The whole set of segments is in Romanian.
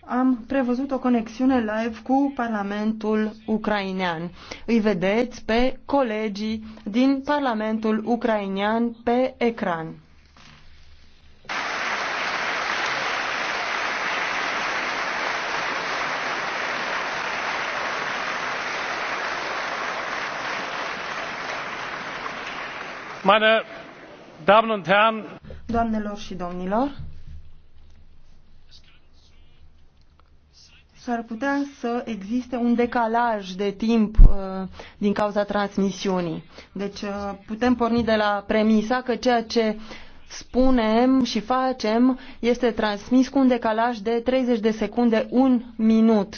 am prevăzut o conexiune live cu Parlamentul ucrainean. Îi vedeți pe colegii din Parlamentul ucrainean pe ecran. Meine Damen und Herren, Doamnelor și domnilor, s-ar putea să existe un decalaj de timp uh, din cauza transmisiunii. Deci uh, putem porni de la premisa că ceea ce spunem și facem este transmis cu un decalaj de 30 de secunde, un minut.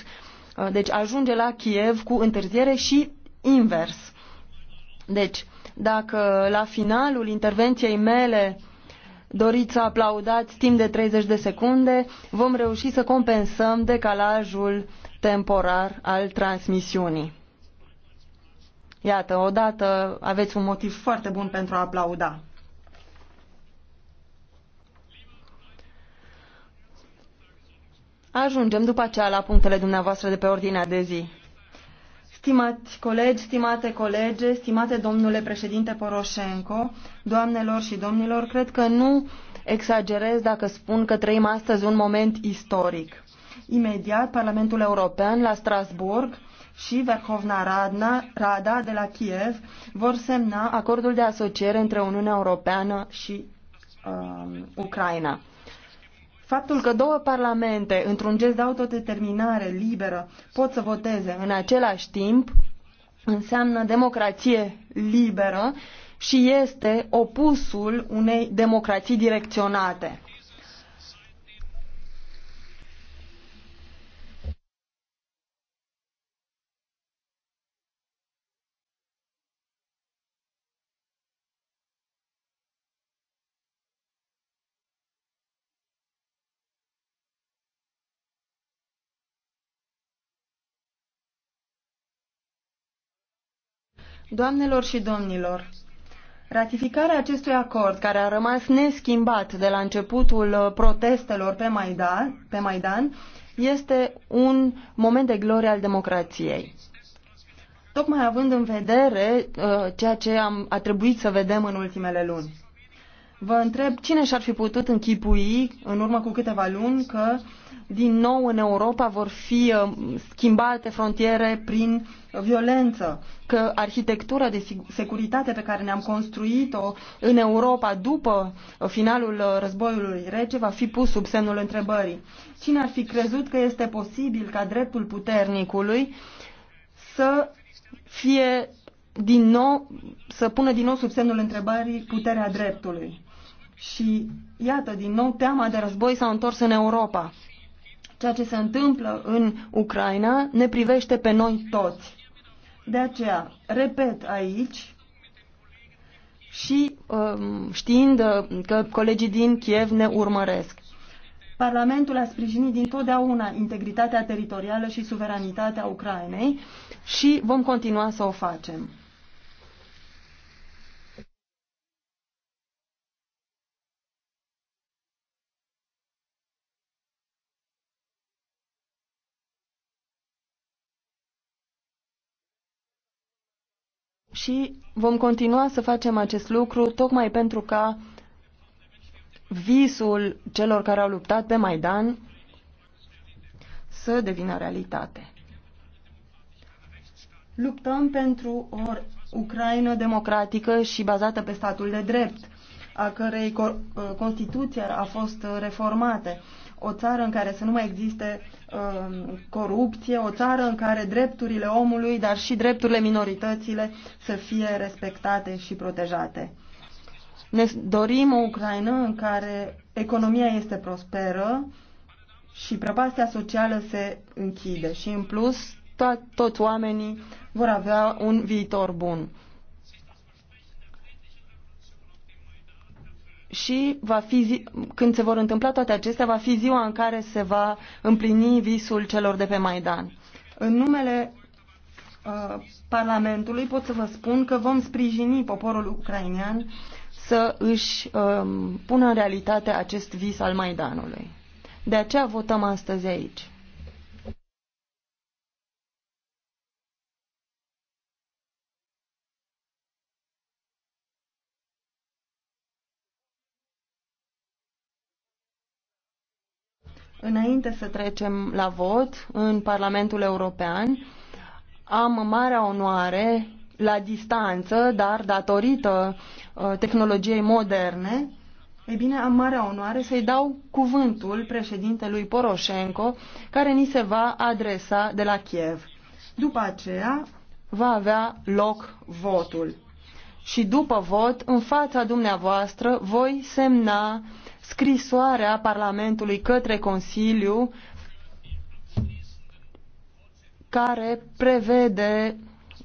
Uh, deci ajunge la Kiev cu întârziere și invers. Deci, dacă la finalul intervenției mele doriți să aplaudați timp de 30 de secunde, vom reuși să compensăm decalajul temporar al transmisiunii. Iată, odată aveți un motiv foarte bun pentru a aplauda. Ajungem după aceea la punctele dumneavoastră de pe ordinea de zi. Stimați colegi, stimate colege, stimate domnule președinte Poroșenco, doamnelor și domnilor, cred că nu exagerez dacă spun că trăim astăzi un moment istoric. Imediat, Parlamentul European la Strasburg și Verhovna Radna, Rada de la Kiev vor semna acordul de asociere între Uniunea Europeană și uh, Ucraina. Faptul că două parlamente, într-un gest de autodeterminare liberă, pot să voteze în același timp, înseamnă democrație liberă și este opusul unei democrații direcționate. Doamnelor și domnilor, ratificarea acestui acord, care a rămas neschimbat de la începutul uh, protestelor pe Maidan, pe Maidan este un moment de glorie al democrației. Tocmai având în vedere uh, ceea ce am, a trebuit să vedem în ultimele luni. Vă întreb cine și-ar fi putut închipui în urmă cu câteva luni că din nou în Europa vor fi uh, schimbate frontiere prin violență, că arhitectura de securitate pe care ne-am construit-o în Europa după uh, finalul uh, războiului rece va fi pus sub semnul întrebării. Cine ar fi crezut că este posibil ca dreptul puternicului să fie din nou, să pună din nou sub semnul întrebării puterea dreptului? Și iată, din nou, teama de război s-a întors în Europa. Ceea ce se întâmplă în Ucraina ne privește pe noi toți. De aceea, repet aici, și um, știind uh, că colegii din Kiev ne urmăresc. Parlamentul a sprijinit dintotdeauna integritatea teritorială și suveranitatea Ucrainei și vom continua să o facem. și vom continua să facem acest lucru tocmai pentru ca visul celor care au luptat pe Maidan să devină realitate. Luptăm pentru o Ucraina democratică și bazată pe statul de drept a cărei uh, Constituție a fost uh, reformată, o țară în care să nu mai existe um, corupție, o țară în care drepturile omului, dar și drepturile minoritățile să fie respectate și protejate. Ne dorim o Ucraina în care economia este prosperă și prăpastia socială se închide și, în plus, to- toți oamenii vor avea un viitor bun. și va fi zi, când se vor întâmpla toate acestea, va fi ziua în care se va împlini visul celor de pe Maidan. În numele uh, Parlamentului pot să vă spun că vom sprijini poporul ucrainean să își uh, pună în realitate acest vis al Maidanului. De aceea votăm astăzi aici. Înainte să trecem la vot în Parlamentul European, am marea onoare la distanță, dar datorită uh, tehnologiei moderne, e bine, am marea onoare să-i dau cuvântul președintelui Poroșenko, care ni se va adresa de la Kiev. După aceea va avea loc votul. Și după vot, în fața dumneavoastră, voi semna scrisoarea Parlamentului către Consiliu care prevede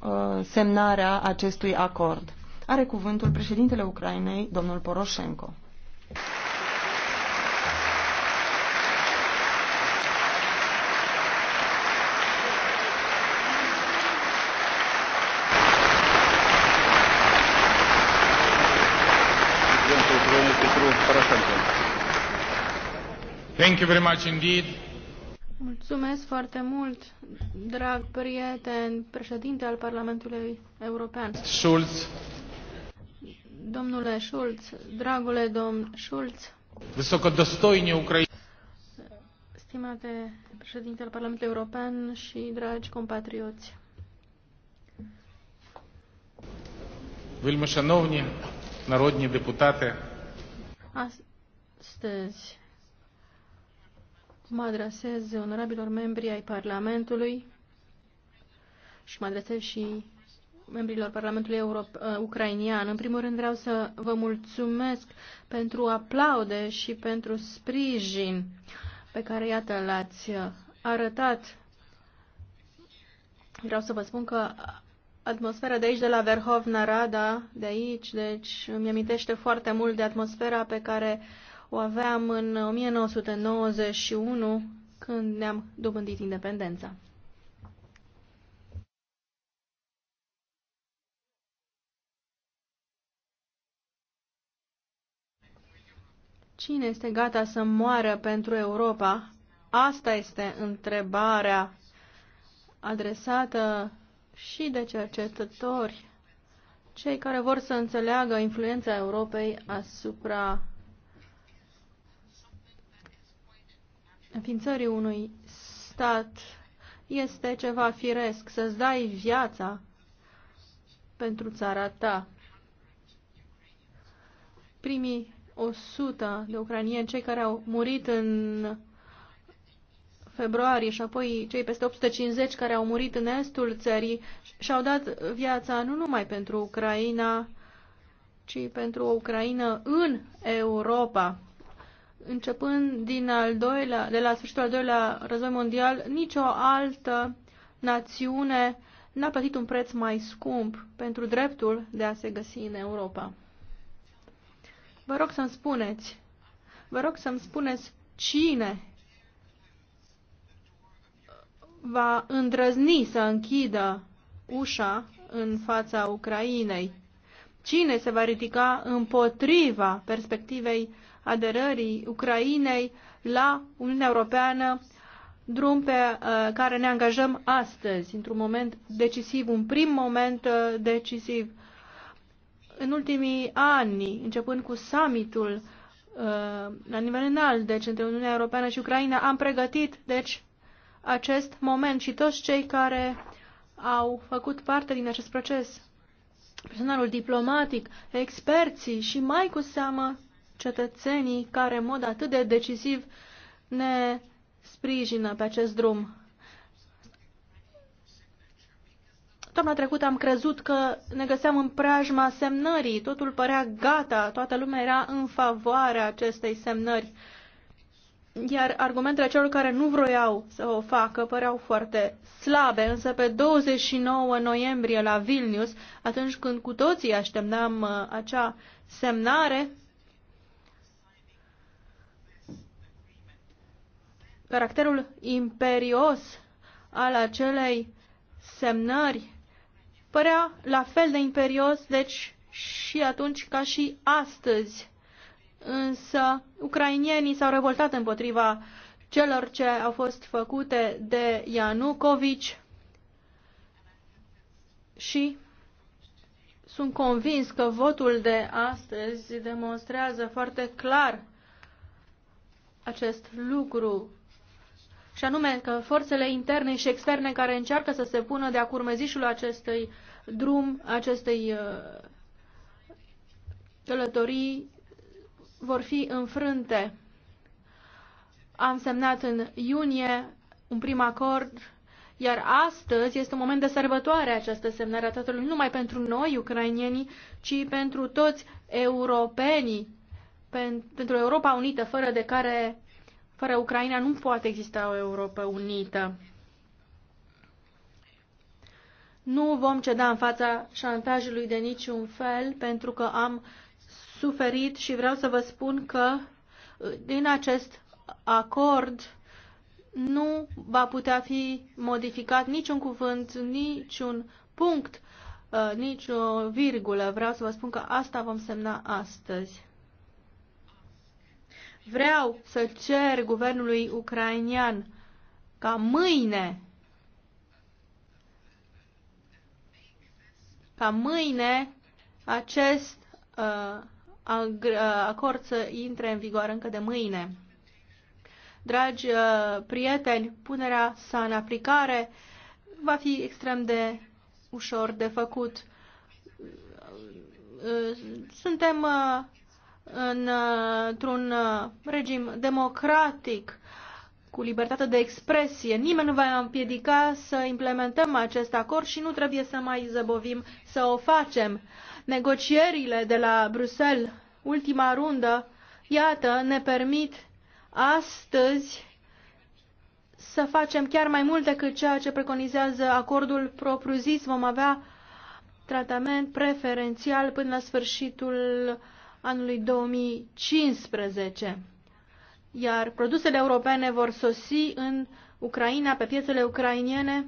uh, semnarea acestui acord. Are cuvântul președintele Ucrainei, domnul Poroșenko. Thank you very much indeed. Mulțumesc foarte mult, drag prieten, președinte al Parlamentului European. Schulz. Domnule Schulz, dragule domn Schulz. Високодостойні Ucraina. Stimate președinte al Parlamentului European și dragi compatrioți. Вельмишановні народні депутати. Astăzi mă adresez onorabilor membri ai Parlamentului și mă adresez și membrilor Parlamentului uh, Ucrainian. În primul rând vreau să vă mulțumesc pentru aplaude și pentru sprijin pe care, iată, l-ați arătat. Vreau să vă spun că atmosfera de aici, de la Verhovna Rada, de aici, deci îmi amintește foarte mult de atmosfera pe care o aveam în 1991, când ne-am dobândit independența. Cine este gata să moară pentru Europa? Asta este întrebarea adresată și de cercetători, cei care vor să înțeleagă influența Europei asupra înființării unui stat este ceva firesc, să-ți dai viața pentru țara ta. Primii 100 de ucranieni, cei care au murit în februarie și apoi cei peste 850 care au murit în estul țării și-au dat viața nu numai pentru Ucraina, ci pentru o Ucraina în Europa. Începând din al doilea, de la sfârșitul al doilea război mondial, nicio altă națiune n-a plătit un preț mai scump pentru dreptul de a se găsi în Europa. Vă rog să-mi spuneți, vă rog să-mi spuneți cine va îndrăzni să închidă ușa în fața Ucrainei? Cine se va ridica împotriva perspectivei aderării Ucrainei la Uniunea Europeană, drum pe uh, care ne angajăm astăzi, într-un moment decisiv, un prim moment uh, decisiv? În ultimii ani, începând cu summitul uh, la nivel înalt, deci între Uniunea Europeană și Ucraina, am pregătit, deci, acest moment și toți cei care au făcut parte din acest proces, personalul diplomatic, experții și mai cu seamă cetățenii care în mod atât de decisiv ne sprijină pe acest drum. Toamna trecută am crezut că ne găseam în preajma semnării, totul părea gata, toată lumea era în favoarea acestei semnări iar argumentele celor care nu vroiau să o facă păreau foarte slabe, însă pe 29 noiembrie la Vilnius, atunci când cu toții așteptam uh, acea semnare, caracterul imperios al acelei semnări părea la fel de imperios, deci și atunci ca și astăzi însă ucrainienii s-au revoltat împotriva celor ce au fost făcute de Ianucovici și sunt convins că votul de astăzi demonstrează foarte clar acest lucru și anume că forțele interne și externe care încearcă să se pună de-a curmezișul acestui drum, acestei uh, călătorii, vor fi înfrânte. Am semnat în iunie un prim acord, iar astăzi este un moment de sărbătoare această semnare a tratatului, nu numai pentru noi, ucrainienii, ci pentru toți europenii, pentru Europa Unită, fără de care, fără Ucraina, nu poate exista o Europa Unită. Nu vom ceda în fața șantajului de niciun fel, pentru că am uh, suferit și vreau să vă spun că uh, din acest acord nu va putea fi modificat niciun cuvânt, niciun punct, uh, nicio virgulă. Vreau să vă spun că asta vom semna astăzi. Vreau să cer guvernului ucrainian ca mâine ca mâine acest uh, acord să intre în vigoare încă de mâine. Dragi uh, prieteni, punerea sa în aplicare va fi extrem de ușor de făcut. Uh, suntem uh, într-un regim democratic cu libertate de expresie. Nimeni nu va împiedica să implementăm acest acord și nu trebuie să mai zăbovim să o facem. Negocierile de la Bruxelles, ultima rundă, iată, ne permit astăzi să facem chiar mai mult decât ceea ce preconizează acordul propriu-zis. Vom avea tratament preferențial până la sfârșitul anului 2015 iar produsele europene vor sosi în Ucraina, pe piețele ucrainiene,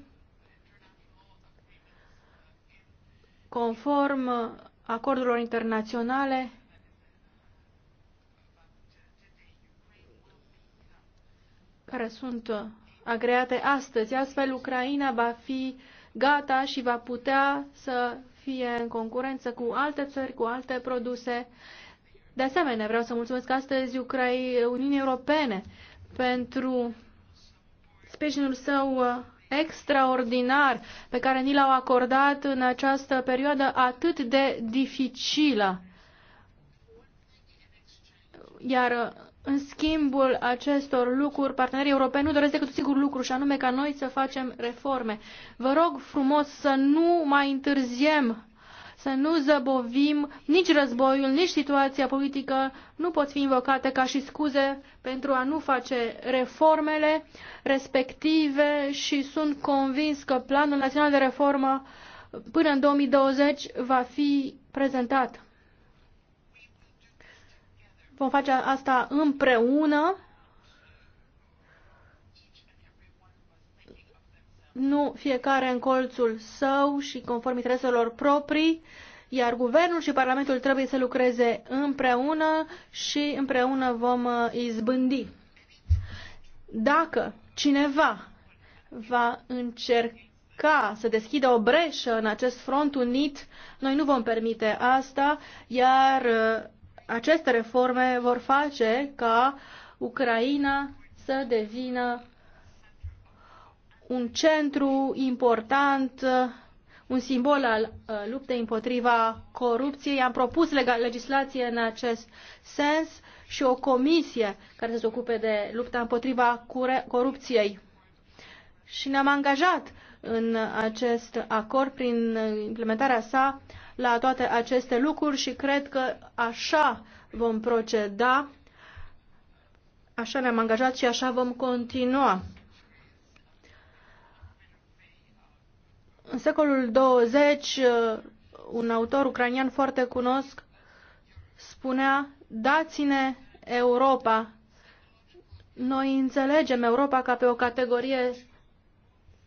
conform acordurilor internaționale care sunt agreate astăzi. Astfel, Ucraina va fi gata și va putea să fie în concurență cu alte țări, cu alte produse de asemenea, vreau să mulțumesc astăzi Ucrai Uniunii Europene pentru sprijinul său uh, extraordinar pe care ni l-au acordat în această perioadă atât de dificilă. Iar uh, în schimbul acestor lucruri, partenerii europeni nu doresc decât un sigur lucru, și anume ca noi să facem reforme. Vă rog frumos să nu mai întârziem să nu zăbovim nici războiul, nici situația politică, nu pot fi invocate ca și scuze pentru a nu face reformele respective și sunt convins că Planul Național de Reformă până în 2020 va fi prezentat. Vom face asta împreună nu fiecare în colțul său și conform intereselor proprii, iar Guvernul și Parlamentul trebuie să lucreze împreună și împreună vom uh, izbândi. Dacă cineva va încerca să deschidă o breșă în acest front unit, noi nu vom permite asta, iar uh, aceste reforme vor face ca Ucraina să devină un centru important, un simbol al uh, luptei împotriva corupției. Am propus legislație în acest sens și o comisie care să se ocupe de lupta împotriva corupției. Și ne-am angajat în acest acord prin implementarea sa la toate aceste lucruri și cred că așa vom proceda, așa ne-am angajat și așa vom continua. În secolul 20, uh, un autor ucranian foarte cunosc spunea, dați-ne Europa. Noi înțelegem Europa ca pe o categorie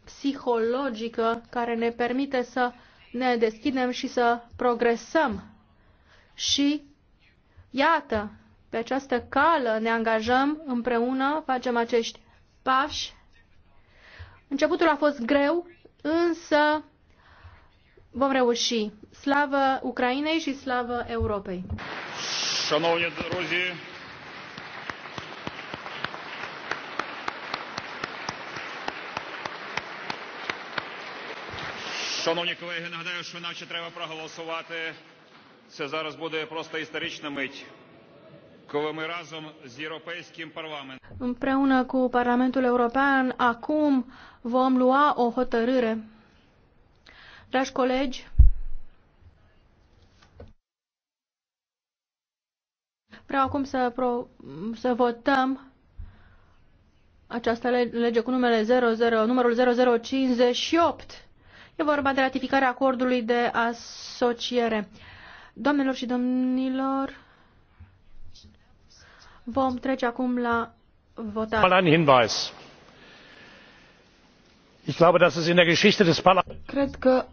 psihologică care ne permite să ne deschidem și să progresăm. Și iată, pe această cală ne angajăm împreună, facem acești pași. Începutul a fost greu, însă vom reuși. Slavă Ucrainei și slavă Europei! Шановні друзі, Шановні колеги, нагадаю, що наче треба проголосувати. Це зараз буде просто історична мить. Împreună cu Parlamentul European, acum vom lua o hotărâre. Dragi colegi, vreau acum să, pro, să votăm această lege cu numele 00, numărul 0058. E vorba de ratificarea acordului de asociere. Doamnelor și domnilor, Vom trece acum la votare. Mal einen Hinweis. Ich glaube, dass es in der Geschichte des Parlaments. Cred că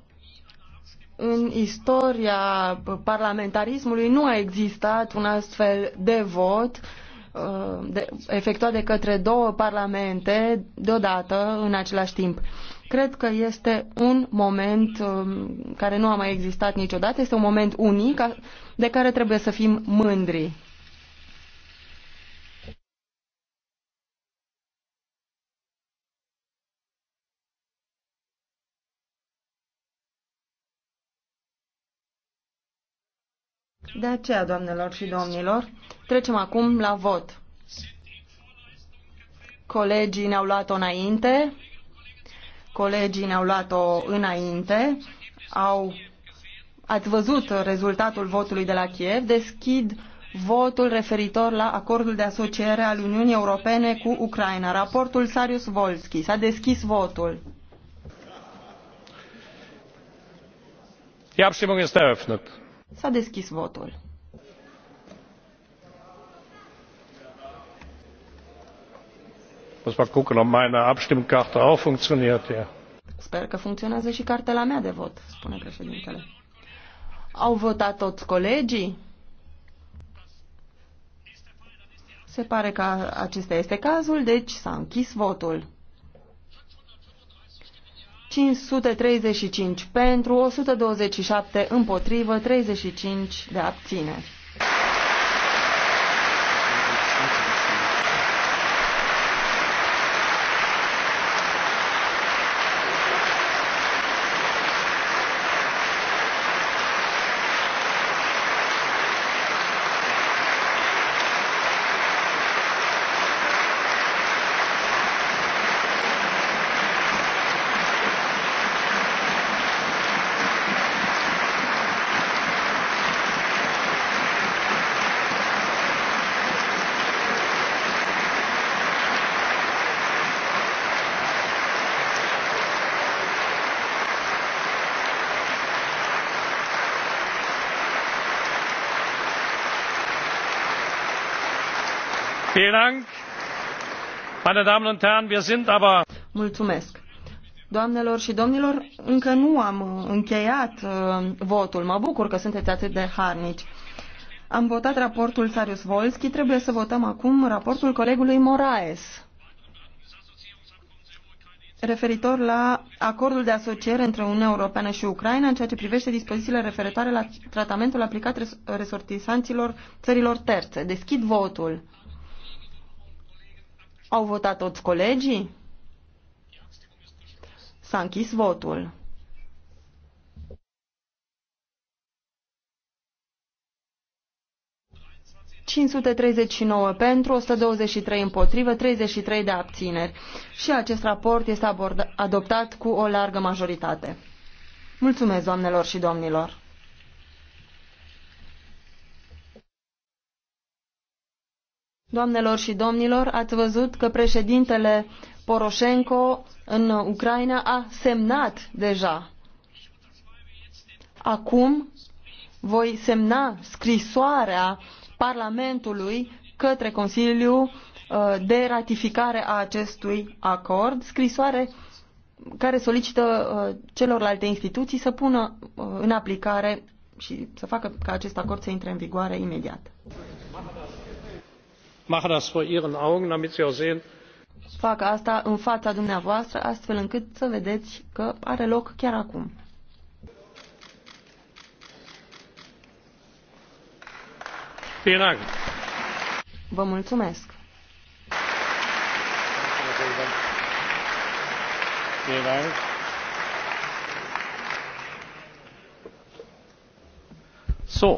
în istoria parlamentarismului nu a existat un astfel de vot uh, de, efectuat de către două parlamente deodată în același timp. Cred că este un moment um, care nu a mai existat niciodată, este un moment unic de care trebuie să fim mândri. De aceea, doamnelor și domnilor, trecem acum la vot. Colegii ne-au luat-o înainte, colegii ne-au luat-o înainte, au, ați văzut rezultatul votului de la Kiev, deschid votul referitor la acordul de asociere al Uniunii Europene cu Ucraina. Raportul Sarius Volski. S-a deschis votul. Die Abstimmung ist eröffnet. S-a deschis votul. Muss mal gucken, ob meine Abstimmkarte auch funktioniert hier. Sper că funcționează și cartela mea de vot, spune președintele. Au votat toți colegii? Se pare că acesta este cazul, deci s-a închis votul. 535 pentru, 127 împotrivă, 35 de abțineri. Mulțumesc. Doamnelor și domnilor, încă nu am uh, încheiat uh, votul. Mă bucur că sunteți atât de harnici. Am votat raportul Sarius Volski, trebuie să votăm acum raportul colegului Moraes referitor la acordul de asociere între Uniunea Europeană și Ucraina în ceea ce privește dispozițiile referitoare la tratamentul aplicat resortisanților țărilor terțe. Deschid votul. Au votat toți colegii? S-a închis votul. ...539 pentru, 123 împotrivă, 33 de abțineri. Și acest raport este adoptat cu o largă majoritate. Mulțumesc, doamnelor și domnilor! Doamnelor și domnilor, ați văzut că președintele Poroșenko în Ucraina a semnat deja. Acum voi semna scrisoarea Parlamentului către Consiliu uh, de ratificare a acestui acord, scrisoare care solicită uh, celorlalte instituții să pună uh, în aplicare și să facă ca acest acord să intre în vigoare imediat. Fac asta în fața dumneavoastră, astfel încât să vedeți că are loc chiar acum. Vă mulțumesc. So.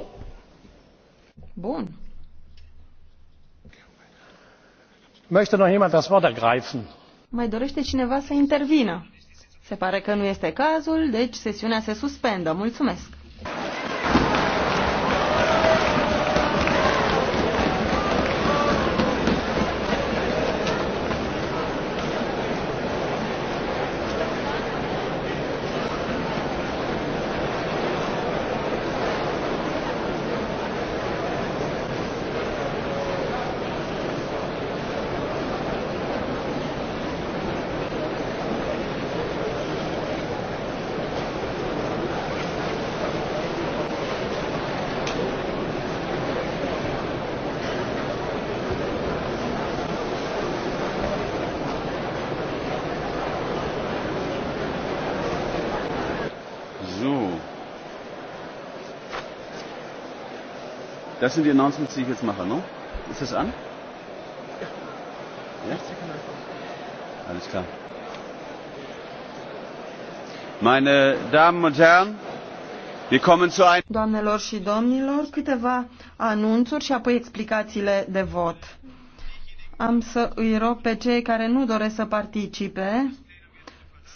Bun. Mai dorește cineva să intervină? Se pare că nu este cazul, deci sesiunea se suspendă. Mulțumesc! Das sind die Announcements, die ich jetzt mache, ne? Ist das an? Ja? Alles klar. Meine Damen und Herren, wir kommen zu einem... Doamnelor și domnilor, câteva anunțuri și apoi explicațiile de vot. Am să îi rog pe cei care nu doresc să participe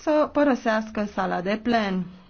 să părăsească sala de plen.